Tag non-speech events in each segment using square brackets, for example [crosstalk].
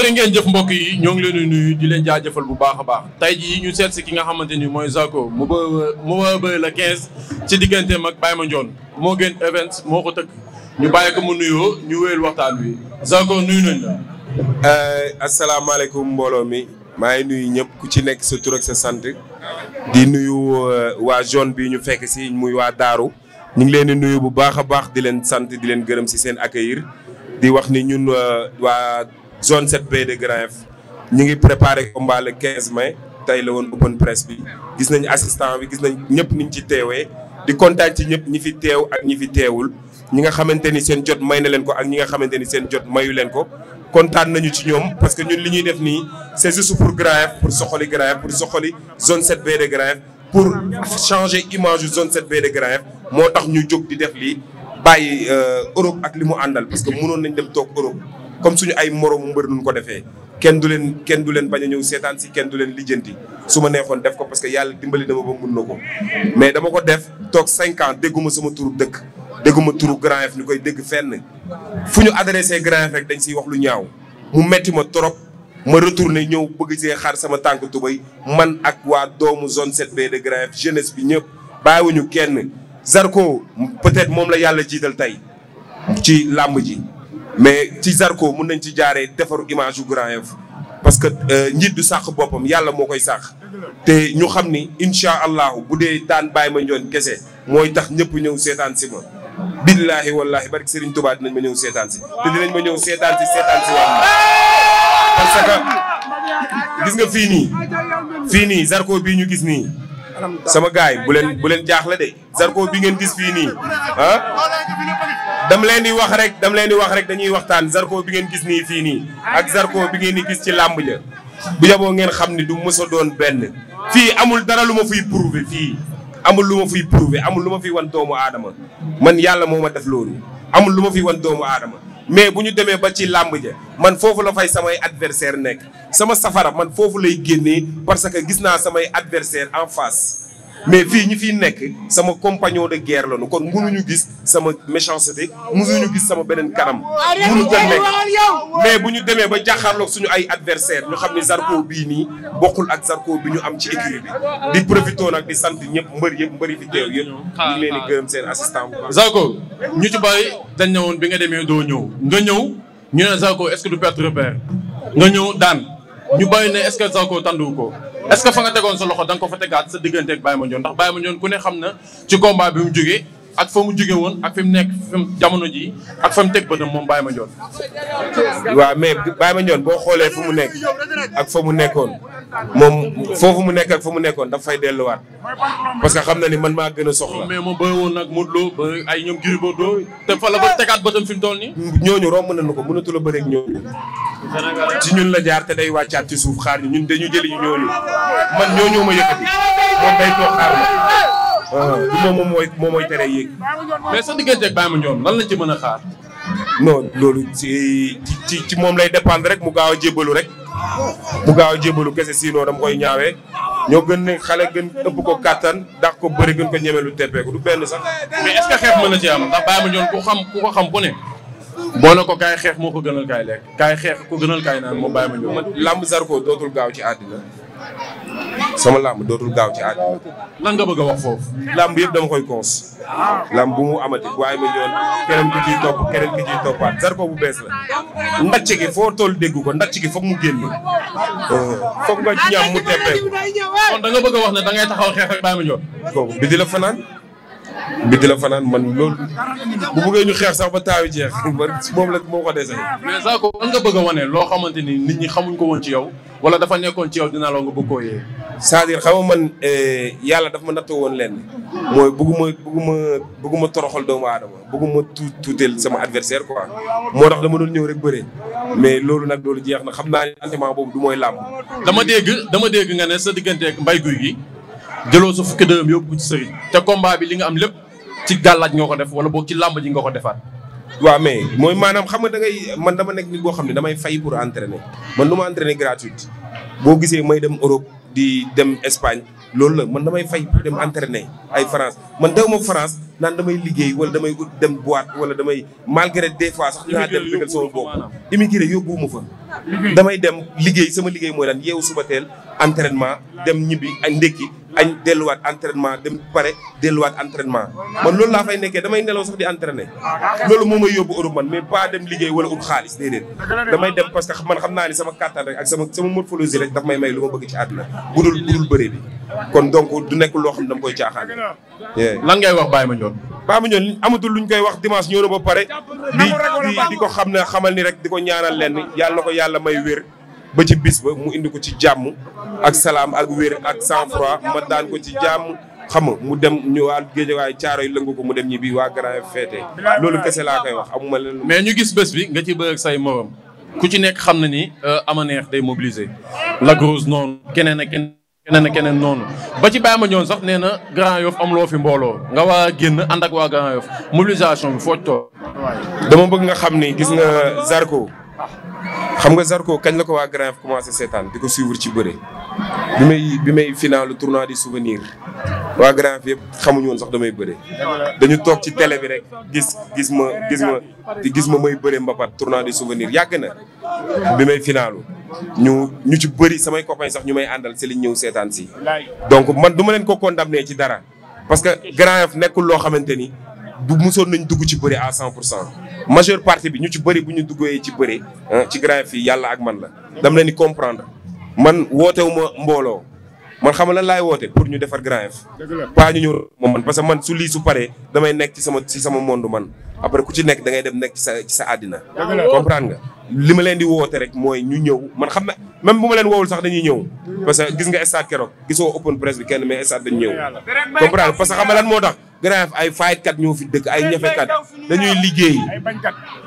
jërë ngeen jëf mbokk yi ñoo ngi leen di nuyu di leen jaajëfal bu a baax tey jii ñu seet si ki nga xamante ni mooy Zarko mu ba mu ba la 15 ci digganteem ak Baye Mandione moo gën event moo ko tëkk ñu bàyyi ko mu nuyoo ñu wéyal waxtaan wi Zarko nuyu nañ eh, mbooloo mi maa ngi nuyu ñëpp ku ci nekk sa sa sant di nuyu eh, waa zone bi ñu fekk si muy waa Daaru ñu ngi leen di nuyu bu baax a baax di leen sant di leen gërëm si seen accueillir di wax ni ñun eh, waa. zone 7B de Grand Yoff ñu ngi préparé combat le 15 mai tey la woon open press bi gis nañu assistant bi gis nañ ñëpp niñ ci teewee di kontaan ci ñëpp ñi fi teew ak ñi fi teewul ñi nga xamante ni seen jot may na leen ko ak ñi nga xamante ni seen jot mayu leen ko kontaan nañu ci ñoom parce que ñun li ñuy def nii c'est juste pour Grand Yoff pour soxali Grand Yoff pour soxali zone 7B de Grand Yoff pour changer image zone 7B de Grand Yoff moo tax ñu jóg def lii bàyyi euh, Europe ak li mu àndal parce que mënoon nañ dem toog Europe comme suñu ay moromu mbër ñu ko defee kenn du leen kenn du leen bañ a ñëw seetaan si kenn du leen lijjanti su ma neexoon def ko parce que yàlla dimbali na ma ba mun na ko mais dama ko def toog cinquante ans dégguma sama turu dëkk dégguma turu Grand Yoff ñu koy dégg fenn fu ñu adressé Grand Yoff dañ siy wax lu ñaaw mu metti ma trop ma ne ñëw bëgg see xaar sama tànk tubay man ak waa doomu zone 7B de Grand Yoff jeunesse bi ñëpp bàyyiwuñu kenn Zarko peut-être moom la yàlla jiital tey ci làmb ji mais ci Zarko mun nañ ci jaaree defaru image yu Grand Yoff parce que euh, njiit du sàq boppam yàlla moo koy sàq te ñu xam ni incha allahu bu dee daan bàyyi ma njoon kese mooy tax ñëpp ñëw seetaan si ma billaahi wallaahi barke Serigne Touba dinañ ma ñëw seetaan si te dinañ ma ñëw seetaan si seetaan si waat parce que gis nga fii nii fii nii Zarko bii ñu gis nii sama gaay bu leen bu leen jaaxle de Zarko bi ngeen gis fii nii ah dam leen di wax rek dam leen di wax rek dañuy waxtaan Zarko bi ngeen gis nii fii nii ak Zarko bi ngeen di gis ci làmb ja bu yaboo ngeen xam ni du mës a doon benn fii amul dara lu ma fiy prouver fii amul lu ma fiy prouver amul lu ma fiy wan doomu aadama man yàlla moo ma def loolu amul lu ma fiy wan doomu aadama mais bu ñu demee ba ci làmb ja man foofu la fay samay adversaire nekk sama safara man foofu lay génnee parce que gis naa samay adversaire en face mais fii ñi fi nekk sama compagnon de guerre lañu kon ñu gis sama méchanceté mënuñu gis sama beneen kanam mënu ko nekk mais bu ñu demee ba jàkkaarloog suñu ay adversaire ñu xam ne sarko bii nii bokkul ak sarko bi ñu am ci écurie bi di profitoo nag di sant ñëpp mbër yëpp mbëri fi teew yëpp ñu ngi leen di gërëm seen assistant bu ñu ci bari dañ ne woon bi nga demee doo ñëw nga ñëw ñu ne Zarko est-ce que du perte repère nga ñëw daan ñu bàyyi ne est-ce que Zarko tàndu ko est-ce que fa nga tegoon sa loxo da nga ko fa tegaat sa diggante ak Baye Mandione xam na ci combat bi mu jógee ak fa mu jóge woon ak fi mu nekk jamono ji ak fa mu teg bëtam moom ma joon waaw mais Baye Mandione boo xoolee fu mu nekk ak fa mu nekkoon moom foofu mu nekk ak fa mu nekkoon daf fay delluwaat parce que xam na ni man maa gën a soxla. mais moom ba woon nag Modou Lo ay ñoom Gris Bordeaux te fa la ba tegaat bëtam fi mu toll nii. ñooñu romb nañu ko mënatu la bëreeg ñooñu. ci ñun la jaar te day wàccaat ci suuf xaar ñu ñun dañu jëli ñooñu man ñooñu ma yëkkati moom day toog Ah. moom moom mooy moom mooy tere yéeg. mais sa diggante ak Baye Mandione lan lañ ci mën a xaar. non loolu ci ci ci moom lay dépendre rek mu gaaw a jébalu rek mu gaaw a jébalu kese sinon dama koy ñaawee ñoo gën ne xale gën ëpp ko kàttan dàq ko bëri gën ko ñeme lu teppeeku du benn sax. mais est-ce xeex mën na ci am ndax Baye Mandione ku xam ku ko xam ku ne. na ko kaay xeex moo ko gënal kaay lekk kaay xeex ko gënal kaay naan moo Baye Mandione. sar Zarko dootul gaaw ci àddina. sama làmb dootul gaaw ci àdduna. lan nga bëgg a wax foofu. làmb yëpp dama koy koos. làmb bu mu amati waaye ma ñëwoon keneen ki ciy topp keneen ki ci toppaat Zarko bu bees la. ndàcc gi foo toll dégg ko ndàcc gi foog mu génn. foog uh-huh. nga ñaam mu teppeeku. kon da nga bëgg wax ne dangay ngay taxaw xeex ak Baye Mandione. kooku bi di la fanaan. bi di la fanaan man loolu bu bëggee ñu xeex sax ba taawi jeex [laughs] moom la moo ko dese. mais Zarko lan nga bëgg a wane loo xamante ni nit ñi xamuñ ko woon ci yow. wala dafa nekkoon ci yow dina la nga bëgg koo yee. c'est-à-dire xam man eh, yàlla daf ma natt woon lenn mooy bëgguma bëgguma bëgguma toroxal doomu aadama bëgguma tuut tuuteel sama adversaire quoi moo tax dama doon ñëw rek bëre mais loolu nag loolu jeex na xam naa ne entraînement boobu du mooy làmb. dama dégg dama dégg nga ne sa digganteeg mbay guy gi jëloo sa fukki dërëm yóbbu ko ci sëriñ te kombaa bi li nga am lépp ci gàllaaj nga ko def wala boog ci làmb ji nga ko defaat. waaw mais mooy maanaam xam nga da ngay man dama nekk nit boo xam ne damay fay pour entraîner man du ma entraîner gratuite boo gisee may dem Europe di dem Espagne loolu la man damay fay pour dem entraîner ay France man daw ma France naan damay liggéey wala damay dem boîte wala damay malgré des fois sax naa dem dëggal sama bopp immigré yóbbuwuma fa damay dem liggéey sama liggéey mooy lan yeewu suba teel entraînement dem ñibbi ak ndékki añ delluwaat entraînement dem pare delluwaat entraînement man loolu laa fay nekkee damay nelaw sax di entraîner loolu moo may yóbbu Europe man mais pas dem liggéey wala ut xaalis déedéet damay dem pare que man xam naa ni sama kattan ak sama sama morphologie rek daf ma bëgg ci àdduna budul budul bëre kon donc du nekk loo xam ne dama koy caaxaan lan ngay wax Baye Mandione Baye Mandione amatul luñ koy wax dimanche ñëw na ba pare di di ko xam ne xamal ni rek di ko ñaanal leen yàlla na ko yàlla may wér ba ci bis ba mu indi ko ci jàmm ak salaam ak wér ak sang ma daan ko ci jàmm xam nga mu dem ñu waa waaye caaro yi lëngu ko mu dem ñi bi waa Grand feete loolu kese laa kay wax amuma leen. mais ñu gis bés bi nga ci bëgg say morom ku ci nekk xam na ni euh, Amaneex day mobiliser la grosse noonu keneen ak keneen keneen keneen noonu ba ci bàyyi ma ñoon sax nee na Grand Yoff am loo fi mbooloo nga waa génn ànd ak waa Grand Yoff mobilisation bi fooj too dama bëgg nga xam ni gis nga Zarko xam nga Zarko kañ la ko waa Grand Yoff commencé seetaan bi ko suivre ci bëre bi may bi may final tournoi du souvenir waa Grand Yoff yëpp xamuñu woon sax damay bëre dañu toog ci télé bi rek gis gis ma gis ma gis ma may bëre mbapat tournoi du souvenir yàgg na bi may finaalu ñu ñu ci bëri samay copains sax ñu may àndal si liñ ñëw seetaan si donc man du ma leen ko condamné ci dara parce que Grand Yoff nekkul loo xamante ni du musoon nañ dugg ci bëre à cent pour cent majeure partie bi ñu ci bëri bu ñu duggee ci bëri ci graaf yi yàlla ak man la. dama leen di comprendre man wootewu ma mbooloo. man xam lan laay woote pour ñu defar Grand Yoff pas ñu ñëw que man su lii su paree nekk ci sama ci sama monde man après ku nekk da ngay dem nekk sa ci sa àddina comprendre li ma leen di woote rek mooy ñu ñëw man xam na même bu ma leen woowul sax dañuy ñëw parce que gis nga stade keroog gisoo open press bi kenn mais stade dañu ñëw comprendre parce que xam nga lan moo tax Grand Yoff ay faayitkat ñoo fi dëkk ay ñafekat dañuy liggéey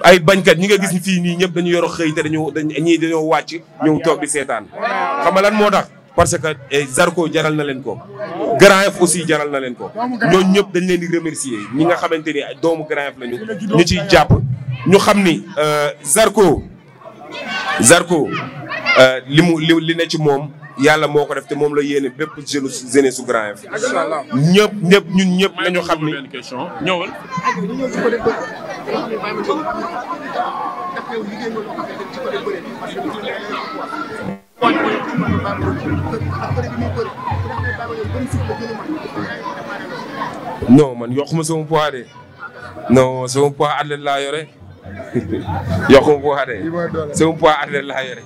ay bañkat ñi nga gis fii nii ñëpp dañu yor xëy te dañu dañ ñii dañoo wàcc ñëw toog di seetaan xam moo tax parce que eh, Zarko jaral na leen ko Grand Yoff aussi jaral na leen ko ñoo ñëpp dañ leen di remercier ñi nga xamante ni ay doomu Grand Yoff ñu ciy jàpp ñu xam ni euh, Zarko Zarko euh, li mu li li ne ci moom yàlla moo ko def te moom la yéene bépp jeune jeunesse su Grand Yoff ñëpp ñëpp ñun ñëpp nañu xam ni ñëwal koñ bi ñu ba non man yokkuma sama poids de non laa yore [laughs] yokkuma poids de sama laa yore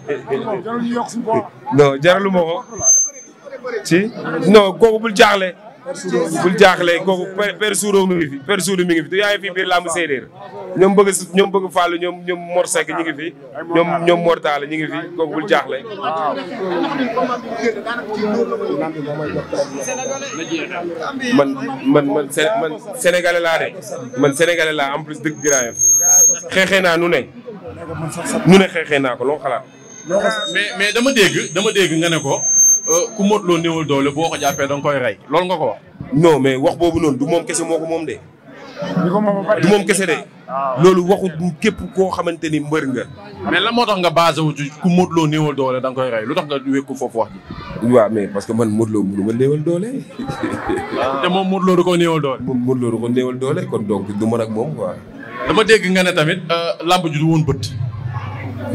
non jaraluma ko ci non kooku bul jaaxle bul jaaxle kooku per suuro mi ngi fi per suuro mi ngi fi du yaay fii biir làmb séeréer ñoom bëgg ñoom bëgg Fallou ñoom ñoom Mor Seck ñu ngi fi ñoom ñoom Mor ñu ngi fi kooku bul jaaxle man man man man sénégalais laa de man sénégalais laa en plus dëkk Grand Yoff xeexee naa nu ne nu ne xeexee naa ko loo xalaat mais mais dama dégg dama dégg nga ne ko Euh, ku Modou Lo néewul doole boo ko jàppee da nga koy rey loolu nga ko wax. non mais wax boobu noonu du moom kese moo ko moom de. du moom kese de. Ah. loolu waxu képp koo xamante ni mbër nga. mais lan moo tax nga basé wu ci ku Modou néewal doole da koy rey lu tax nga wékku foofu wax ji. waaw parce que man Modou Lo mënu ma néewal doole. Ah. te moom Modou du ko néewal doole. moom Modou Lo du ko néewal doole kon donc du man ak moom quoi. dama dégg nga ne tamit euh, làmb ji du woon bët.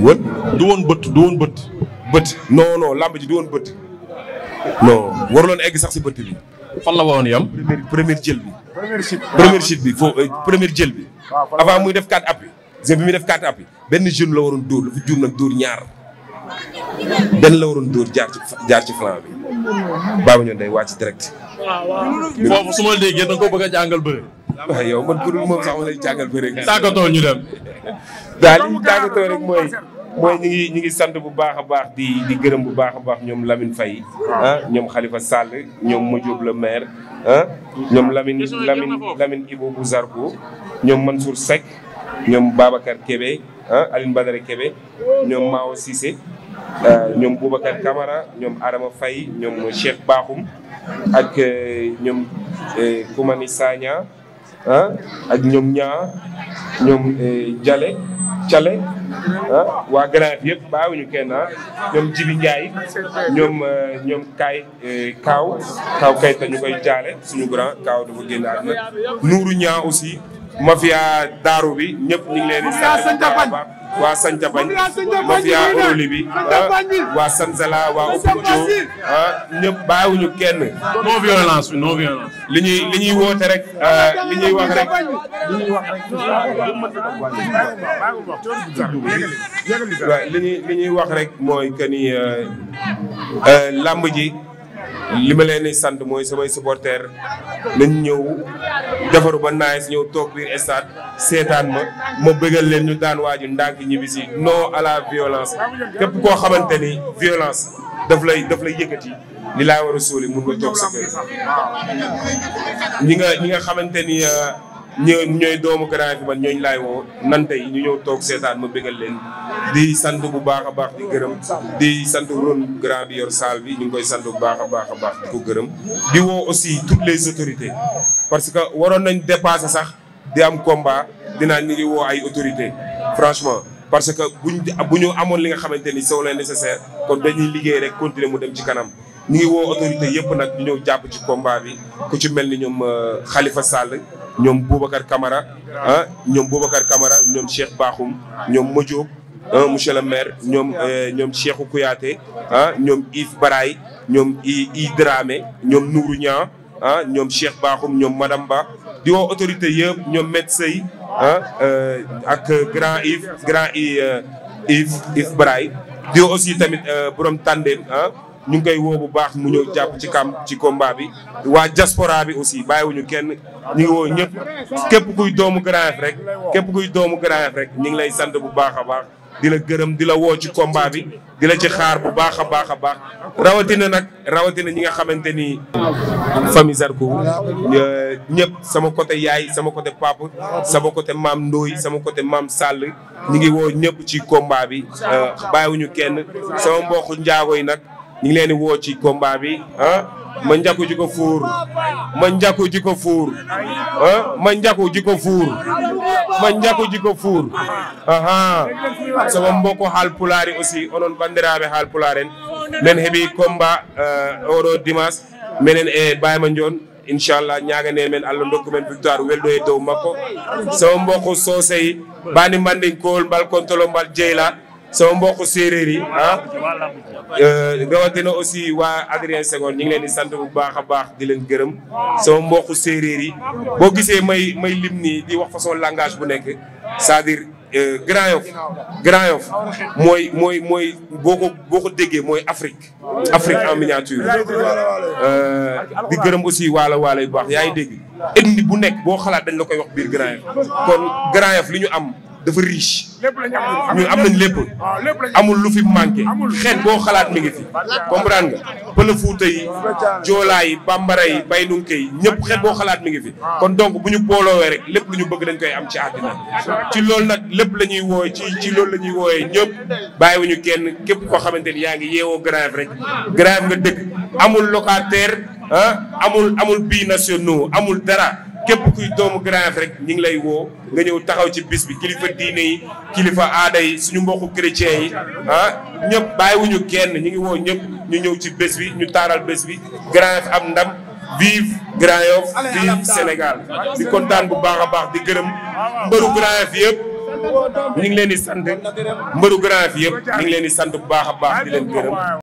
wët du woon bët du woon bët. bët non non làmb ji du woon bët. non waruloon egg sax si bëtt bi. fan la woon yam première jël bi. première chute bi foo première jël bi. Euh, avant muy def quatre appuis. bi muy def quatre appuis benn jeune la waroon dóor dafa juum nag dóor ñaar. benn la waroon dóor jaar ci jaar ci flanc bi. Baba Ndione day wàcc direct. waaw foofu su ma déggee da nga ko bëgg a jàngal bëre. waaw yow man ku dul moom sax ñu dem. daal li ñu rek mooy. mooy ñu ngi ñu ngi sant bu baax a baax di di gërëm bu baax a baax ñoom lamin fay ah ñoom Khalifa Sall ñoom Modiob le maire ah, ñoom lamin Lamine Lamine Ibo bu Zarko ñoom Mansour Seck ñoom Babacar Kébé ah Aline Badara Kébé ñoom Mao Cissé ah, ñoom Boubacar Camara ñoom Adama Faye ñoom Cheikh Bakhoum ak euh, ñoom euh, Koumani Sagna ah ak ñoom ñaa ñoom euh, Jale Cale ah waa Grand yëpp bàyyiwuñu kenn ah ñoom Jibi Ndiaye ñoom euh, ñoom Kaay euh, Kaaw Kaaw kay te ñu koy jaale suñu grand Kaaw dafa génn àdduna u Ñaa aussi mafia daaru bi ñëpp ñu ngi leen di sant waa Sanjabañ mafia Oroli bi ah, waa Sanzala waa Opunjo ah, ñëpp bàyyiwuñu kenn. non violence bi non li ñuy li woote rek ah, li ñuy wax rek li ñuy wax rek li li ñuy wax rek mooy que ni euh, euh, ji. li ma leen sant mooy samay supporters nañ ñëw defaru ba naay si ñëw toog biir stade seetaan ma ma bëggal leen ñu daan waaju ndànk ñibbi si non à la violence képp koo xamante ni violence daf lay daf lay yëkkati li laa war a suuli mun nga toog sa kër ñi nga ñi nga xamante euh, ñoo ñooy doomu Grand Yoff man ñooñu laay woo nan ñu ñëw toog seetaan ma bégal leen di sant bu baax a baax di gërëm di sant ron grand bi yor salle bi ñu ngi koy sant bu baax a baax a baax di ko gërëm di woo aussi toutes les autorités parce que waroon nañ dépasser sax di am combat dinaa ñu ngi woo ay autorités franchement parce que buñ bu ñu amoon li nga xamante ni c'est nécessaire kon dañuy liggéey rek continuer mu dem ci kanam ñu ngi woo autorités yëpp nag ñu ñëw jàpp ci combat bi ku ci mel ni ñoom euh, Khalifa Sall ñoom Boubacar Camara ah ñoom Boubacar kamara ñoom Cheikh Bakhoum ñoom Modiob ah, monsieur le maire ñoom eh, ñoom Cheikhou Kouyaté ah ñoom Yves Baraye ñoom i Dramé ñoom Nourou Niang ah ñoom Cheikh Bakhoum ñoom madame Ba di woo autorité yëpp ñoom médecin yi ah eh, ak grand Yves grand eh, di woo aussi tamit borom tàndeem ah, ñu ngi koy woo bu baax mu ñëw jàpp ci kam ci combat bi waa diaspora bi aussi bàyyiwuñu kenn ñu ngi woo ñëpp képp kuy doomu Grand rek képp kuy doomu Grand rek ñu ngi lay sant bu baax a baax di la gërëm di la woo ci combat bi di la ci xaar bu baax a baax a baax rawatina nag rawatina ñi nga xamante ni famille Zarko ñëpp sama côté yaay sama côté papa sama côté maam Ndoy sama côté maam Sall ñi ngi woo ñëpp ci combat bi euh, bàyyiwuñu kenn sama mbokk njaago yi nag ñu ngi leen di woo ci combat bi ah, ma njaku ji ko fuur ma njaku ji ko fuur ah ma njaku ji ko fuur ma njaku ji ko fuur aha sama mbokko haalpulaar yi aussi onon banndiraaɓe haalpulaar en men heɓi combat euh, oɗo dimanche minen e bayma ndion inchallah ñaganee allah dokku men victoire welɗo e dow makko sama mbokko soosey bani manden kool mbal kontolo mbal jeyla sama mbokk séeréer yi ah euh, rawatina aussi waa Adrien Senghor ñi ngi leen di sant bu baax a baax di leen gërëm sama mbokk séeréer yi boo gisee may may lim nii di wax façon langage bu nekk c'est-à-dire euh, Grand Yoff mooy mooy mooy boo ko boo déggee mooy Afrique Afrique en miniature euh, di gërëm aussi waalo waalo yu baax yaa ngi dégg ethnie bu nekk boo xalaat dañ la koy wax biir Grand Yoff kon Grand Yoff li ñu am dafa riche. Ah. ñun am nañ lépp. Ah, amul lu fi manqué. xeet boo xalaat mi ngi fi. comprendre nga pël Fuuta yi. joolaa yi bambara yi ñëpp xeet boo xalaat mi ngi fi. Ah. kon donc bu ñu booloowee rek lépp lu ñu bëgg dañ koy am ci àddina ci loolu nag lépp la ñuy wooyee ci ci loolu la ñuy wooyee ñëpp ñu kenn képp koo xamante ni yaa ngi yeewoo grave rek grave nga dëkk amul locataire ah amul amul binationaux amul dara. képp kuy doomu Grand Yoff rek ñu ngi lay woo nga ñëw taxaw ci bis bi kilifa diine yi kilifa aada yi suñu mbokku chrétien yi ah ñëpp bàyyiwuñu kenn ñu ngi woo ñëpp ñu ñëw ci bés bi ñu taaral bés bi Grand Yoff am ndam vive Grand Yoff vive Sénégal di kontaan bu baax a baax di gërëm mbëru Grand Yoff yëpp ñu ngi leen di sant mbëru Grand Yoff yëpp ñu leen di sant bu baax a baax di leen gërëm